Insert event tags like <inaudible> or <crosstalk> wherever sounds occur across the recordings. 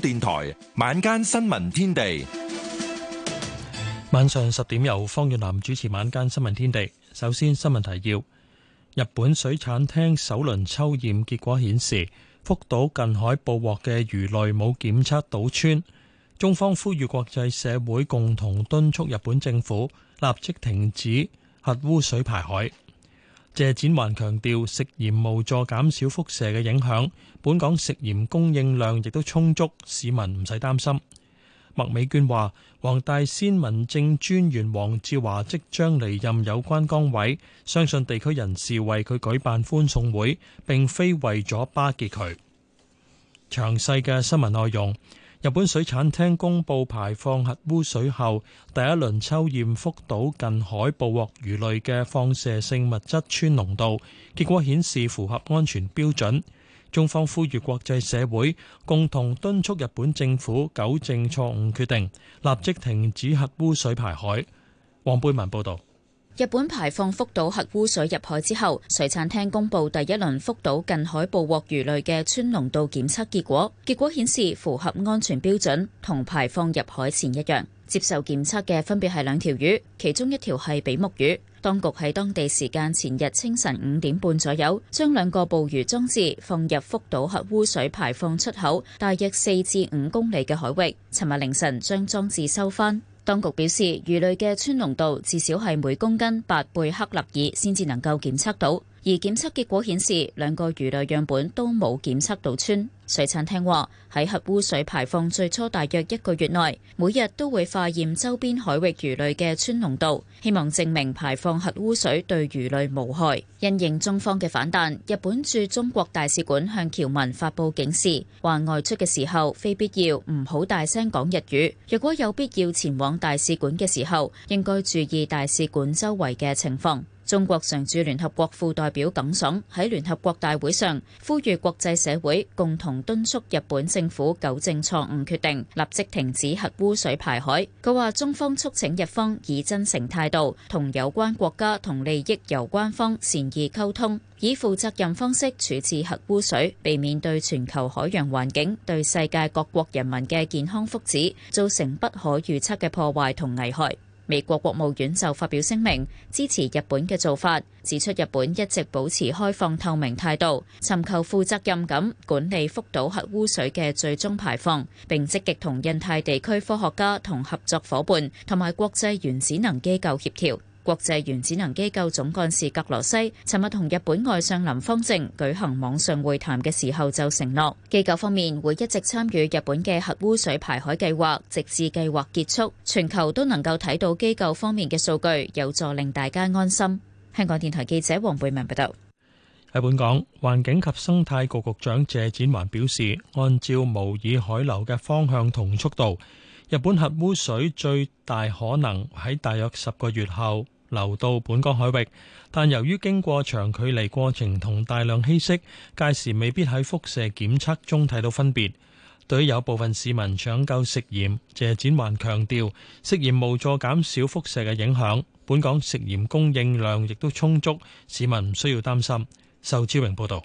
電台晚間新聞天地，晚上十點由方遠南主持晚間新聞天地。首先新聞提要：日本水產廳首輪抽驗結果顯示，福島近海捕獲嘅魚類冇檢測到氚。中方呼籲國際社會共同敦促日本政府立即停止核污水排海。謝展環強調，食鹽無助減少輻射嘅影響。本港食鹽供應量亦都充足，市民唔使擔心。麥美娟話：黃大仙民政專員黃志華即將離任有關崗位，相信地區人士為佢舉辦歡送會，並非為咗巴結佢。詳細嘅新聞內容。日本水產廳公布排放核污水後，第一輪抽驗福島近海捕獲魚類嘅放射性物質氚濃度，結果顯示符合安全標準。中方呼籲國際社會共同敦促日本政府糾正錯誤決定，立即停止核污水排海。黃貝文報道。日本排放福島核污水入海之後，水產廳公布第一輪福島近海捕獲魚類嘅氚濃度檢測結果，結果顯示符合安全標準，同排放入海前一樣。接受檢測嘅分別係兩條魚，其中一條係比目魚。當局喺當地時間前日清晨五點半左右，將兩個捕魚裝置放入福島核污水排放出口大約四至五公里嘅海域，尋日凌晨將裝置收返。當局表示，魚類嘅氚濃度至少係每公斤八貝克勒爾先至能夠檢測到，而檢測結果顯示兩個魚類樣本都冇檢測到氚。水產廳話喺核污水排放最初大約一個月內，每日都會化驗周邊海域魚類嘅氚濃度，希望證明排放核污水對魚類無害。因應中方嘅反彈，日本駐中國大使館向僑民發布警示，話外出嘅時候非必要唔好大聲講日語。若果有必要前往大使館嘅時候，應該注意大使館周圍嘅情況。中國常駐聯合國副代表耿爽喺聯合國大會上呼籲國際社會共同敦促日本政府糾正錯誤決定，立即停止核污水排海。佢話中方促請日方以真誠態度，同有關國家同利益攸關方善意溝通，以負責任方式處置核污水，避免對全球海洋環境、對世界各國人民嘅健康福祉造成不可預測嘅破壞同危害。美國國務院就發表聲明，支持日本嘅做法，指出日本一直保持開放透明態度，尋求負責任咁管理福島核污水嘅最終排放，並積極同印太地區科學家同合作夥伴同埋國際原子能機構協調。國際原子能機構總幹事格羅西，尋日同日本外相林芳正舉行網上會談嘅時候就承諾，機構方面會一直參與日本嘅核污水排海計劃，直至計劃結束。全球都能夠睇到機構方面嘅數據，有助令大家安心。香港電台記者黃貝文報道。喺本港，環境及生態局局長謝展環表示，按照模擬海流嘅方向同速度。日本核污水最大可能喺大約十個月後流到本港海域，但由於經過長距離過程同大量稀釋，屆時未必喺輻射檢測中睇到分別，對於有部分市民搶購食鹽，謝展環強調食鹽無助減少輻射嘅影響，本港食鹽供應量亦都充足，市民唔需要擔心。仇志榮報道。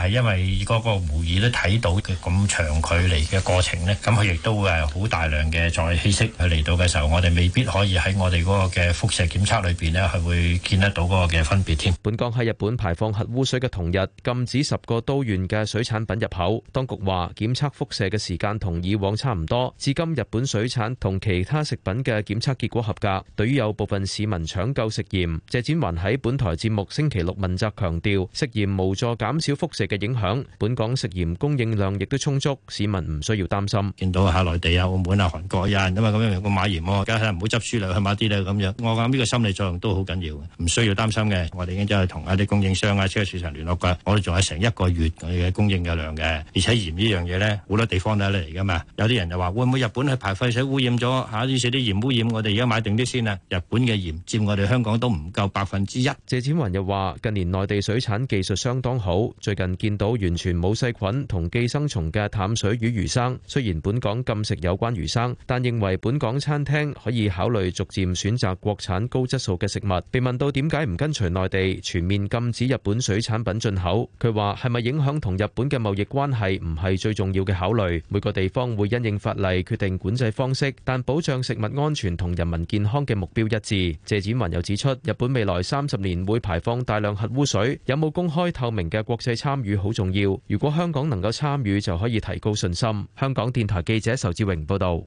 係因為嗰個無意都睇到嘅咁長距離嘅過程咧，咁佢亦都會係好大量嘅再稀釋，佢嚟到嘅時候，我哋未必可以喺我哋嗰個嘅輻射檢測裏邊咧係會見得到嗰個嘅分別㖈。本港喺日本排放核污水嘅同日禁止十個都縣嘅水產品入口，當局話檢測輻射嘅時間同以往差唔多，至今日本水產同其他食品嘅檢測結果合格。對於有部分市民搶購食鹽，謝展寰喺本台節目星期六問責強調，食鹽無助減少輻射嘅影響，本港食鹽供應量亦都充足，市民唔需要擔心。見到下，內地啊、澳門啊、韓國人啊咁樣有人買鹽喎，梗係唔好執輸量去買啲咧咁樣。我講呢個心理作用都好緊要，唔需要擔心嘅。我哋已經真係同一啲供應商啊、車市場聯絡㗎。我哋仲有成一個月我哋嘅供應嘅量嘅，而且鹽呢樣嘢咧好多地方都係嚟㗎嘛。有啲人就話會唔會日本係排廢水污染咗下，食啲鹽污染，我哋而家買定啲先啊。日本嘅鹽佔我哋香港都唔夠百分之一。謝展雲又話：近年內地水產技術相當好，最近，見到完全冇細菌同寄生蟲嘅淡水魚魚生，雖然本港禁食有關魚生，但認為本港餐廳可以考慮逐漸選擇國產高質素嘅食物。被問到點解唔跟隨內地全面禁止日本水產品進口，佢話係咪影響同日本嘅貿易關係唔係最重要嘅考慮。每個地方會因應法例決定管制方式，但保障食物安全同人民健康嘅目標一致。謝展文又指出，日本未來三十年會排放大量核污水，有冇公開透明嘅國際參與？好重要！如果香港能夠參與，就可以提高信心。香港電台記者仇志榮報道。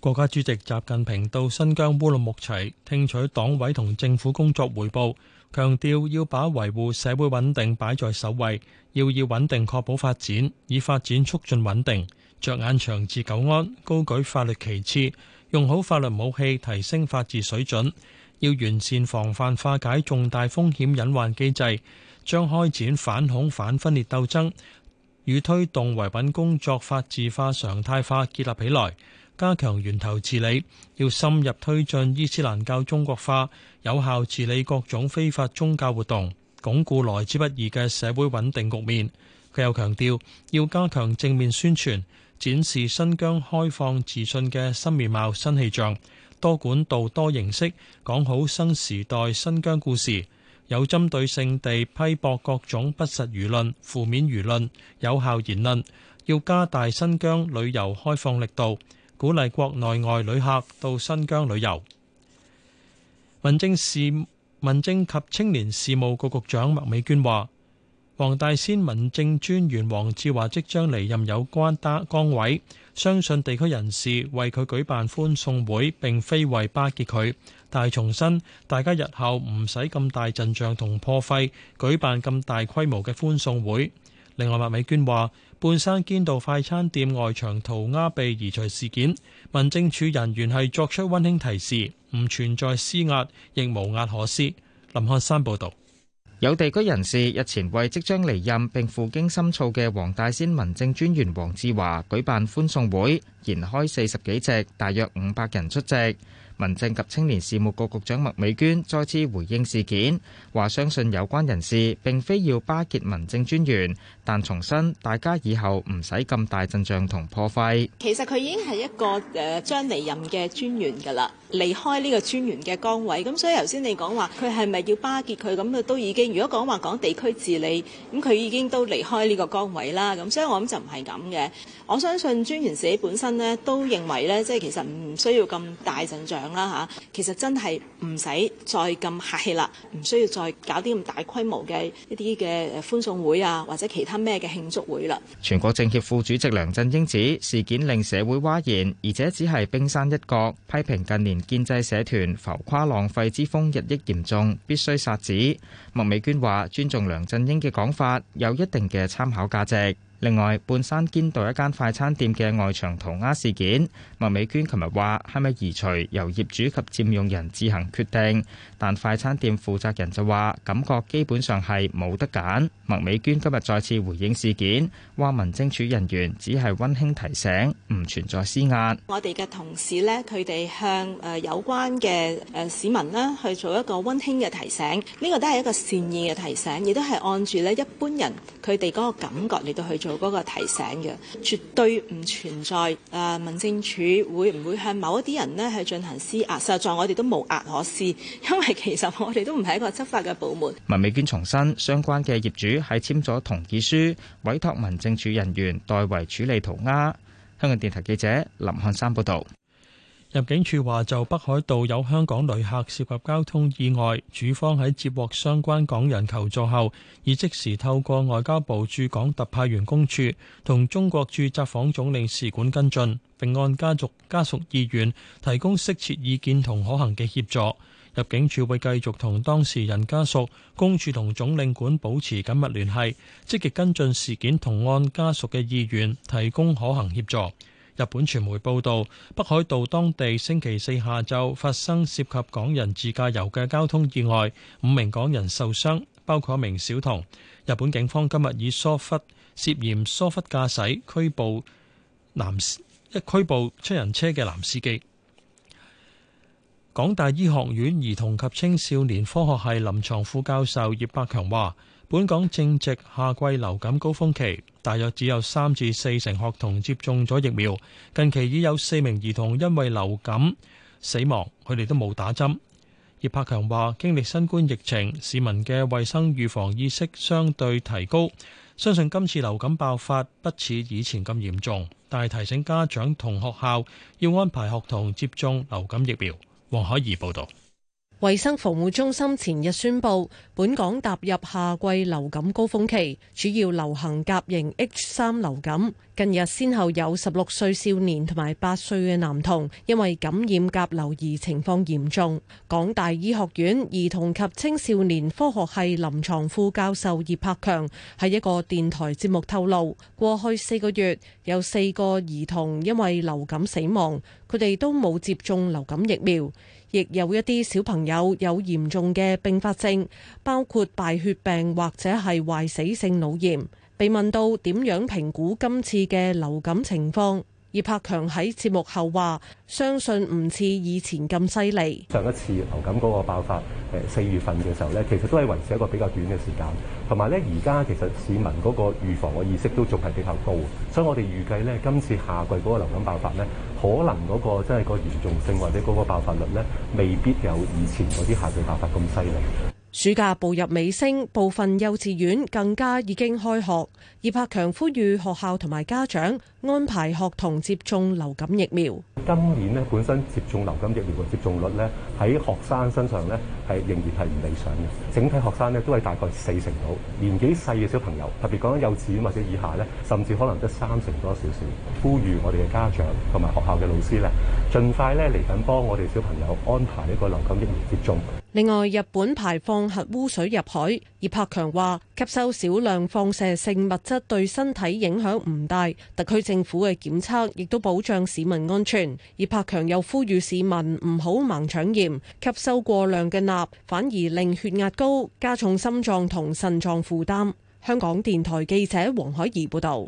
國家主席習近平到新疆烏魯木齊聽取黨委同政府工作匯報，強調要把維護社會穩定擺在首位，要以穩定確保發展，以發展促進穩定。着眼長治久安，高舉法律旗幟，用好法律武器，提升法治水準。要完善防範化解重大風險隱患機制，將開展反恐反分裂鬥爭與推動維穩工作法治化常態化結合起來，加強源頭治理。要深入推進伊斯蘭教中國化，有效治理各種非法宗教活動，鞏固來之不易嘅社會穩定局面。佢又強調要加強正面宣傳，展示新疆開放自信嘅新面貌、新氣象，多管道、多形式講好新時代新疆故事，有針對性地批駁各種不實輿論、負面輿論、有效言論。要加大新疆旅遊開放力度，鼓勵國內外旅客到新疆旅遊。民政事民政及青年事務局局長麥美娟話：黃大仙民政專員黃志華即將離任有關單崗位，相信地區人士為佢舉辦歡送會，並非為巴結佢。但係重申，大家日後唔使咁大陣仗同破費，舉辦咁大規模嘅歡送會。另外，麥美娟話，半山堅道快餐店外牆塗鴉被移除事件，民政處人員係作出温馨提示，唔存在施壓，亦無壓可施。林漢山報道。有地區人士日前為即將離任並赴京深造嘅黃大仙民政專員黃志華舉辦歡送會，延開四十幾席，大約五百人出席。民政及青年事務局局長麥美娟再次回應事件，話相信有關人士並非要巴結民政專員，但重申大家以後唔使咁大陣仗同破費。其實佢已經係一個誒將離任嘅專員噶啦，離開呢個專員嘅崗位。咁所以頭先你講話佢係咪要巴結佢咁，佢都已經如果講話講地區治理，咁佢已經都離開呢個崗位啦。咁所以我諗就唔係咁嘅。我相信專員自己本身咧都認為咧，即係其實唔需要咁大陣仗。啦吓，其實真係唔使再咁客氣啦，唔需要再搞啲咁大規模嘅一啲嘅歡送會啊，或者其他咩嘅慶祝會啦。全國政協副主席梁振英指事件令社會嘩然，而且只係冰山一角，批評近年建制社團浮誇浪費之風日益嚴重，必須煞止。麥美娟話：尊重梁振英嘅講法，有一定嘅參考價值。另外，半山堅道一間快餐店嘅外牆塗鴉事件，麥美娟琴日話，係咪移除由業主及佔用人自行決定，但快餐店負責人就話感覺基本上係冇得揀。麥美娟今日再次回應事件，話民政署人員只係溫馨提醒，唔存在施壓，我哋嘅同事咧，佢哋向誒有關嘅誒市民啦去做一個溫馨嘅提醒，呢個都係一個善意嘅提醒，亦都係按住咧一般人佢哋嗰個感覺嚟到去。做嗰個提醒嘅，絕對唔存在誒、呃、民政處會唔會向某一啲人咧去進行施壓，實在我哋都冇壓可施，因為其實我哋都唔係一個執法嘅部門，文美娟重申，相關嘅業主係簽咗同意書委託民政處人員代為處理塗鴉，香港電台記者林漢山報道。入境處話就北海道有香港旅客涉及交通意外，主方喺接獲相關港人求助後，已即時透過外交部駐港特派員公署同中國駐札幌總領事館跟進，並按家族家屬意願提供適切意見同可行嘅協助。入境處會繼續同當事人家屬、公署同總領館保持緊密聯繫，積極跟進事件同按家屬嘅意願提供可行協助。日本傳媒報導，北海道當地星期四下晝發生涉及港人自駕遊嘅交通意外，五名港人受傷，包括一名小童。日本警方今日以疏忽涉嫌疏忽駕，駕駛拘捕男一拘捕出人車嘅男司機。港大醫學院兒童及青少年科學系臨床副教授葉柏強話。本港正值夏季流感高峰期，大約只有三至四成學童接種咗疫苗。近期已有四名兒童因為流感死亡，佢哋都冇打針。葉柏強話：經歷新冠疫情，市民嘅衞生預防意識相對提高，相信今次流感爆發不似以前咁嚴重。但係提醒家長同學校要安排學童接種流感疫苗。黃海怡報導。衛生防護中心前日宣布，本港踏入夏季流感高峰期，主要流行甲型 H3 流感。近日先後有十六歲少年同埋八歲嘅男童因為感染甲流而情況嚴重。港大醫學院兒童及青少年科學系臨床副教授葉柏強喺一個電台節目透露，過去四個月有四個兒童因為流感死亡，佢哋都冇接種流感疫苗。亦有一啲小朋友有嚴重嘅併發症，包括敗血病或者係壞死性腦炎。被問到點樣評估今次嘅流感情況，葉柏強喺節目後話：相信唔似以前咁犀利。上一次流感嗰個爆發，誒四月份嘅時候咧，其實都係維持一個比較短嘅時間。同埋咧，而家其實市民嗰個預防嘅意識都仲係比較高，所以我哋預計咧，今次夏季嗰個流感爆發咧，可能嗰個真係個嚴重性或者嗰個爆發率咧，未必有以前嗰啲夏季爆發咁犀利。暑假步入尾聲，部分幼稚園更加已經開學。葉柏強呼籲學校同埋家長安排學童接種流感疫苗。今年咧，本身接種流感疫苗嘅接種率咧，喺學生身上咧，係仍然係唔理想嘅，整體學生咧都係大概四成到，年紀細嘅小朋友，特別講緊幼稚園或者以下咧，甚至可能得三成多少少，呼籲我哋嘅家長同埋學校嘅老師咧，盡快咧嚟緊幫我哋小朋友安排呢個流感疫苗接種。另外，日本排放核污水入海。葉柏強話，吸收少量放射性物質對身體影響唔大，特區政府嘅檢測亦都保障市民安全。葉柏強又呼籲市民唔好盲搶鹽，吸收過量嘅鈉反而令血壓高，加重心臟同腎臟負擔。香港電台記者黃海怡報道。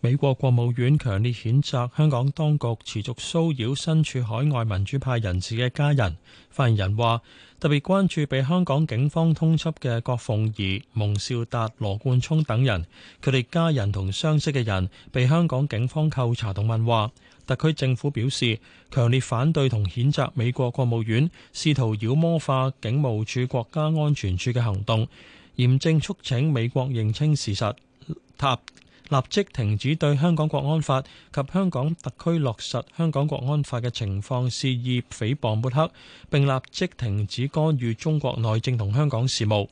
美國國務院強烈譴責香港當局持續騷擾身處海外民主派人士嘅家人。發言人話：特別關注被香港警方通緝嘅郭鳳儀、蒙兆達、羅冠聰等人，佢哋家人同相識嘅人被香港警方扣查同問話。特區政府表示，強烈反對同譴責美國國務院試圖妖魔化警務處、國家安全處嘅行動，嚴正促請美國認清事實。塔立即停止對香港國安法及香港特區落實香港國安法嘅情況肆意誹謗抹黑，並立即停止干預中國內政同香港事務。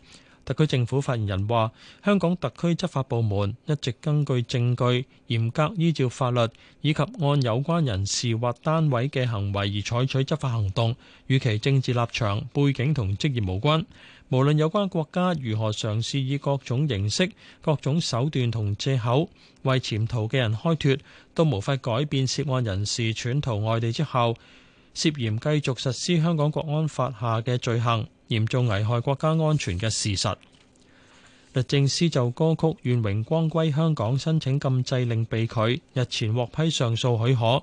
特區政府發言人話：香港特區執法部門一直根據證據，證據，嚴格依照法律，以及按有關人士或單位嘅行為而採取執法行動，與其政治立場背景同職業無關。無論有關國家如何嘗試以各種形式、各種手段同借口為潛逃嘅人開脱，都無法改變涉案人士竄逃外地之後涉嫌繼續實施香港國安法下嘅罪行，嚴重危害國家安全嘅事實。律政司就歌曲《願榮光歸香港》申請禁制令被拒，日前獲批上訴許可。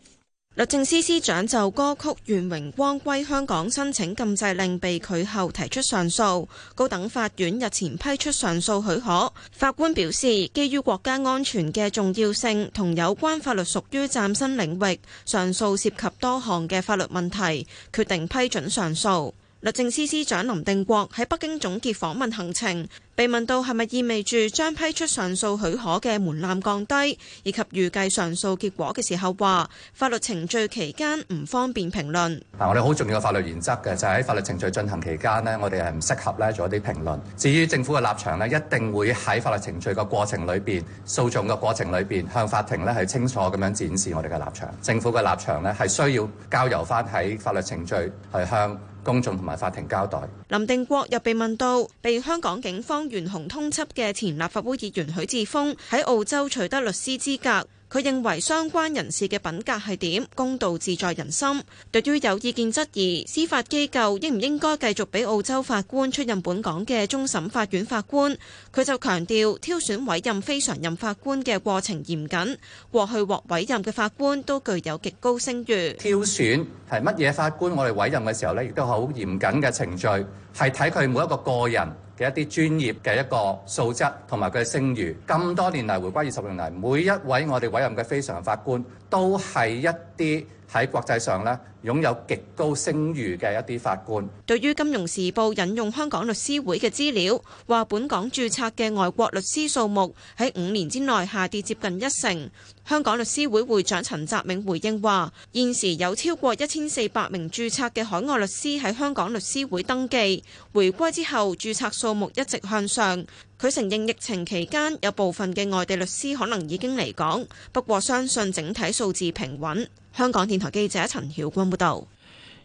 律政司司長就歌曲《願榮光歸香港》申請禁制令被拒後提出上訴，高等法院日前批出上訴許可。法官表示，基於國家安全嘅重要性同有關法律屬於嶄新領域，上訴涉及多項嘅法律問題，決定批准上訴。律政司司長林定國喺北京總結訪問行程，被問到係咪意味住將批出上訴許可嘅門檻降低，以及預計上訴結果嘅時候，話法律程序期間唔方便評論。嗱，我哋好重要嘅法律原則嘅就係喺法律程序進行期間呢，我哋係唔適合咧做一啲評論。至於政府嘅立場呢，一定會喺法律程序個過程裏邊，訴訟個過程裏邊向法庭呢係清楚咁樣展示我哋嘅立場。政府嘅立場呢，係需要交由翻喺法律程序去向公眾同埋法庭交代。林定國又被問到，被香港警方懸紅通緝嘅前立法會議員許智峰喺澳洲取得律師資格。佢認為相關人士嘅品格係點？公道自在人心。對於有意見質疑司法機構應唔應該繼續俾澳洲法官出任本港嘅終審法院法官，佢就強調挑選委任非常任法官嘅過程嚴謹，過去獲委任嘅法官都具有極高聲譽。挑選係乜嘢法官？我哋委任嘅時候呢，亦都好嚴謹嘅程序，係睇佢每一個個人。一啲專業嘅一個素質同埋佢嘅聲譽，咁多年嚟，回歸二十年嚟，每一位我哋委任嘅非常任法官都係一啲，喺國際上咧，擁有極高聲譽嘅一啲法官。對於《金融時報》引用香港律師會嘅資料，話本港註冊嘅外國律師數目喺五年之內下跌接近一成。香港律師會會長陳澤銘回應話：現時有超過一千四百名註冊嘅海外律師喺香港律師會登記。回歸之後，註冊數目一直向上。佢承認疫情期間有部分嘅外地律師可能已經離港，不過相信整體數字平穩。香港電台記者陳曉君報道：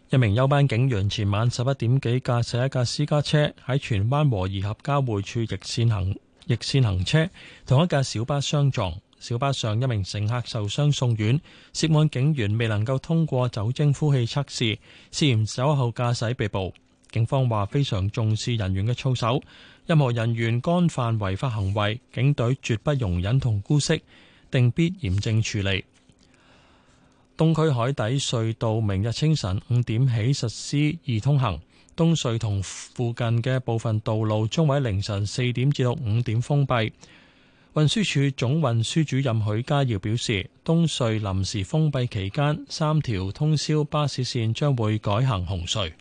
一名休班警員前晚十一點幾駕駛一架私家車喺荃灣和宜合交匯處逆線行，逆線行車，同一架小巴相撞，小巴上一名乘客受傷送院。涉案警員未能夠通過酒精呼氣測試，涉嫌酒後駕駛被捕。警方話非常重視人員嘅操守，任何人員干犯違法行為，警隊絕不容忍同姑息，定必嚴正處理。東區海底隧道明日清晨五點起實施易通行，東隧同附近嘅部分道路將喺凌晨四點至到五點封閉。運輸署總運輸主任許家耀表示，東隧臨時封閉期間，三條通宵巴士線將會改行紅隧。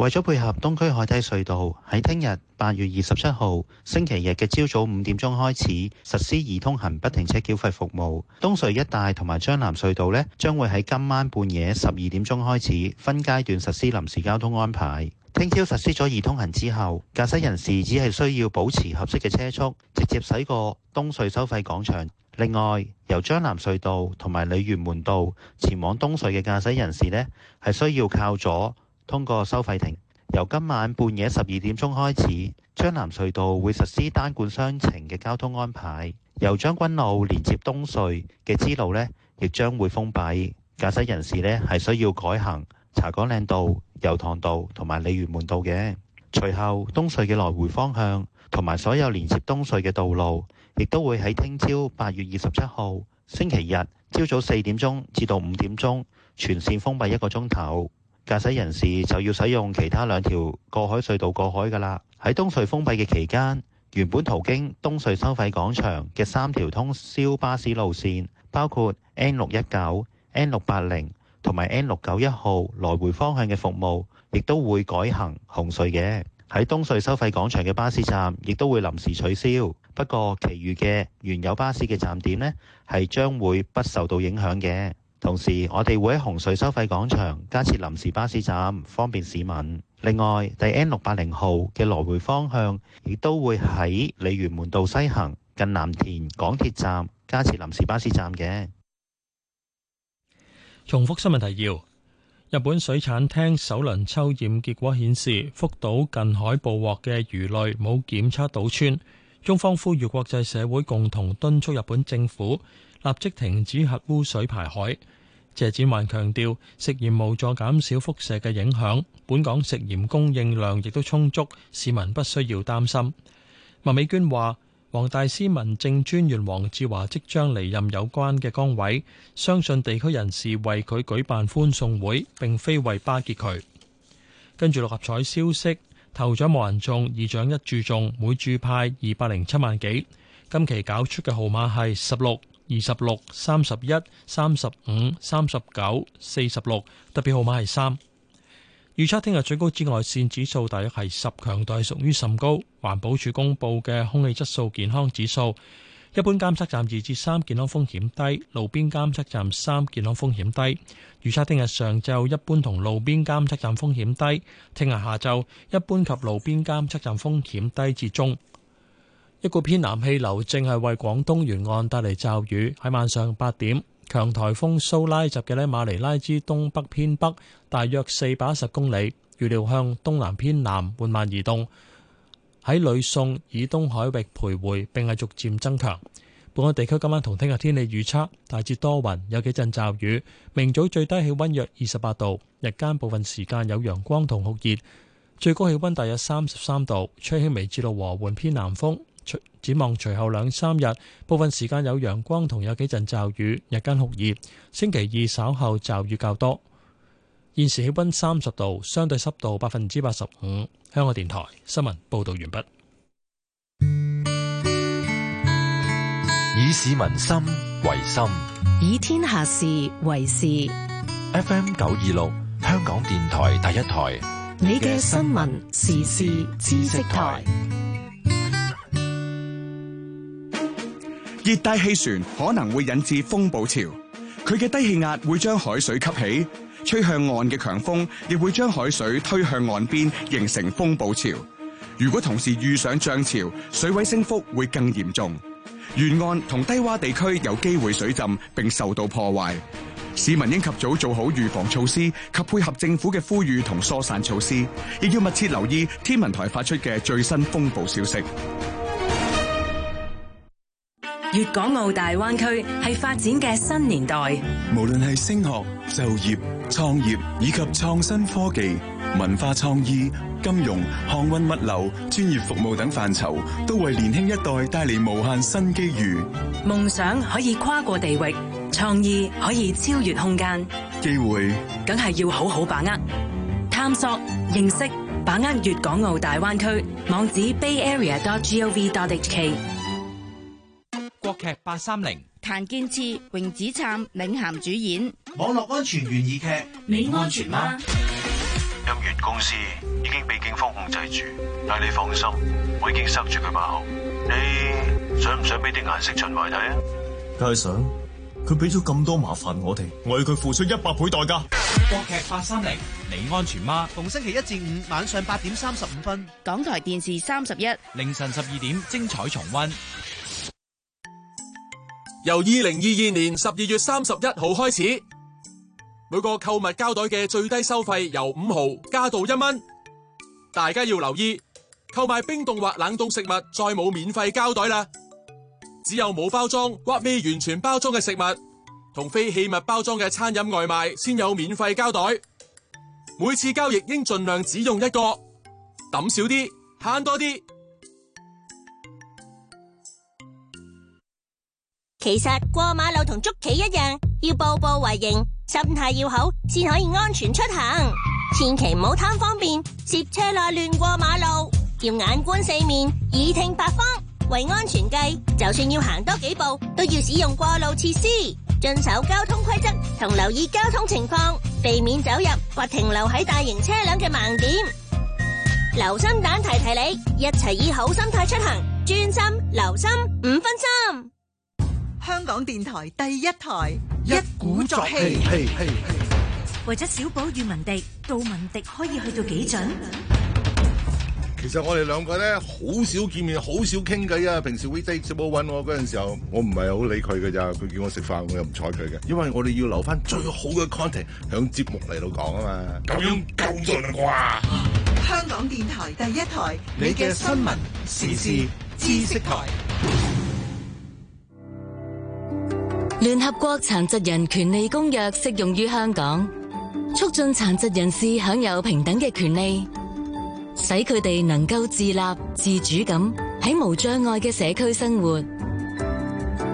為咗配合東區海底隧道喺聽日八月二十七號星期日嘅朝早五點鐘開始實施易通行不停車繳費服務，東隧一帶同埋將藍隧道呢，將會喺今晚半夜十二點鐘開始分階段實施臨時交通安排。聽朝實施咗易通行之後，駕駛人士只係需要保持合適嘅車速，直接駛過東隧收費廣場。另外，由將藍隧道同埋鯉魚門道前往東隧嘅駕駛人士呢，係需要靠左。通過收費亭，由今晚半夜十二點鐘開始，將南隧道會實施單管雙程嘅交通安排。由將軍路連接東隧嘅支路呢，亦將會封閉。駕駛人士呢，係需要改行茶果嶺道、油塘道同埋鯉魚門道嘅。隨後，東隧嘅來回方向同埋所有連接東隧嘅道路，亦都會喺聽朝八月二十七號星期日朝早四點鐘至到五點鐘全線封閉一個鐘頭。駕駛人士就要使用其他兩條過海隧道過海㗎啦。喺東隧封閉嘅期間，原本途經東隧收費廣場嘅三條通宵巴士路線，包括 N 六一九、N 六八零同埋 N 六九一號來回方向嘅服務，亦都會改行紅隧嘅。喺東隧收費廣場嘅巴士站，亦都會臨時取消。不過，其餘嘅原有巴士嘅站點呢，係將會不受到影響嘅。同時，我哋會喺紅隧收費廣場加設臨時巴士站，方便市民。另外，第 N 六八零號嘅來回方向亦都會喺鯉魚門道西行近藍田港鐵站加設臨時巴士站嘅。重複新聞提要：日本水產廳首輪抽驗結果顯示，福島近海捕獲嘅魚類冇檢測到氚。中方呼籲國際社會共同敦促日本政府。立即停止核污水排海。謝展寰強調，食鹽無助減少輻射嘅影響。本港食鹽供應量亦都充足，市民不需要擔心。麥美娟話，黃大仙民政專員黃志華即將離任有關嘅崗位，相信地區人士為佢舉辦歡送會，並非為巴結佢。跟住六合彩消息，頭獎無人中，二獎一注中，每注派二百零七萬幾。今期搞出嘅號碼係十六、二十六、三十一、三十五、三十九、四十六，特別號碼係三。預測聽日最高紫外線指數大約係十，強度屬於甚高。環保署公布嘅空氣質素健康指數，一般監測站二至三，健康風險低；路邊監測站三，健康風險低。預測聽日上晝一般同路邊監測站風險低，聽日下晝一般及路邊監測站風險低至中。一股偏南氣流正係為廣東沿岸帶嚟驟雨。喺晚上八點，強颱風蘇拉集結喺馬尼拉之東北偏北，大約四百一十公里，預料向東南偏南緩慢移動，喺呂宋以東海域徘徊並係逐漸增強。本港地區今晚同聽日天氣預測大致多雲，有幾陣驟雨。明早最低氣温約二十八度，日間部分時間有陽光同酷熱，最高氣温大約三十三度，吹輕微至到和緩偏南風。展望隨後兩三日，部分時間有陽光同有幾陣驟雨，日間酷熱。星期二稍後驟雨較多。現時氣温三十度，相對濕度百分之八十五。香港電台新聞報道完畢。以市民心為心，以天下事為事。FM 九二六，香港電台第一台，你嘅新聞時事知識台。熱帶氣旋可能會引致風暴潮，佢嘅低氣壓會將海水吸起，吹向岸嘅強風亦會將海水推向岸邊，形成風暴潮。如果同時遇上漲潮，水位升幅會更嚴重，沿岸同低洼地區有機會水浸並受到破壞。市民應及早做好預防措施及配合政府嘅呼籲同疏散措施，亦要密切留意天文台發出嘅最新風暴消息。粵港澳大灣區係發展嘅新年代，無論係升學、就業、創業以及創新科技、文化創意、金融、航運、物流、專業服務等範疇，都為年輕一代帶嚟無限新機遇。夢想可以跨過地域，創意可以超越空間，機會，梗係要好好把握。探索、認識、把握粵港澳大灣區網址：bayarea.gov.hk 劇八三零，譚健次、榮子燦、領銜主演。網絡安全懸疑劇，你安全嗎？音源公司已經被警方控制住，但你放心，我已經塞住佢把口。你想唔想俾啲顏色秦懷睇，啊？梗係想。佢俾咗咁多麻煩我哋，我要佢付出一百倍代價。國劇八三零，你安全嗎？逢星期一至五晚上八點三十五分，港台電視三十一，凌晨十二點精彩重溫。由2022年12月31號開始，每個購物膠袋嘅最低收費由5毫加到1蚊。大家要留意，購買冰凍或冷凍食物再冇免費膠袋啦。只有冇包裝，或未完全包裝嘅食物，同非器物包裝嘅餐飲外賣先有免費膠袋。每次交易應盡量只用一個，抌少啲，慳多啲。其實過馬路同捉棋一樣，要步步為營，心態要好，先可以安全出行。千祈唔好貪方便，涉車內亂過馬路。要眼觀四面，耳聽八方。為安全計，就算要行多幾步，都要使用過路設施，遵守交通規則，同留意交通情況，避免走入或停留喺大型車輛嘅盲點。留心蛋提提你，一齊以好心態出行，專心留心，唔分心。香港電台第一台一鼓作氣，為咗小寶與文迪，杜文迪可以去到幾準？ <noise> 其實我哋兩個咧，好少見面，好少傾偈啊。平時 we day 小寶揾我嗰陣時候，我唔係好理佢噶咋。佢叫我食飯，我又唔睬佢嘅。因為我哋要留翻最好嘅 content 響節目嚟到講啊嘛。咁樣夠準啦啩？香港電台第一台，你嘅新聞時事知識台。 <noise> 聯合國殘疾人權利公約適用於香港，促進殘疾人士享有平等嘅權利，使佢哋能夠自立自主咁喺無障礙嘅社區生活，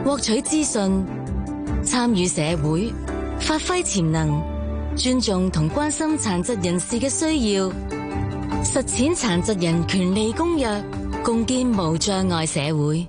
獲取資訊、參與社會、發揮潛能，尊重同關心殘疾人士嘅需要，實踐殘疾人權利公約，共建無障礙社會。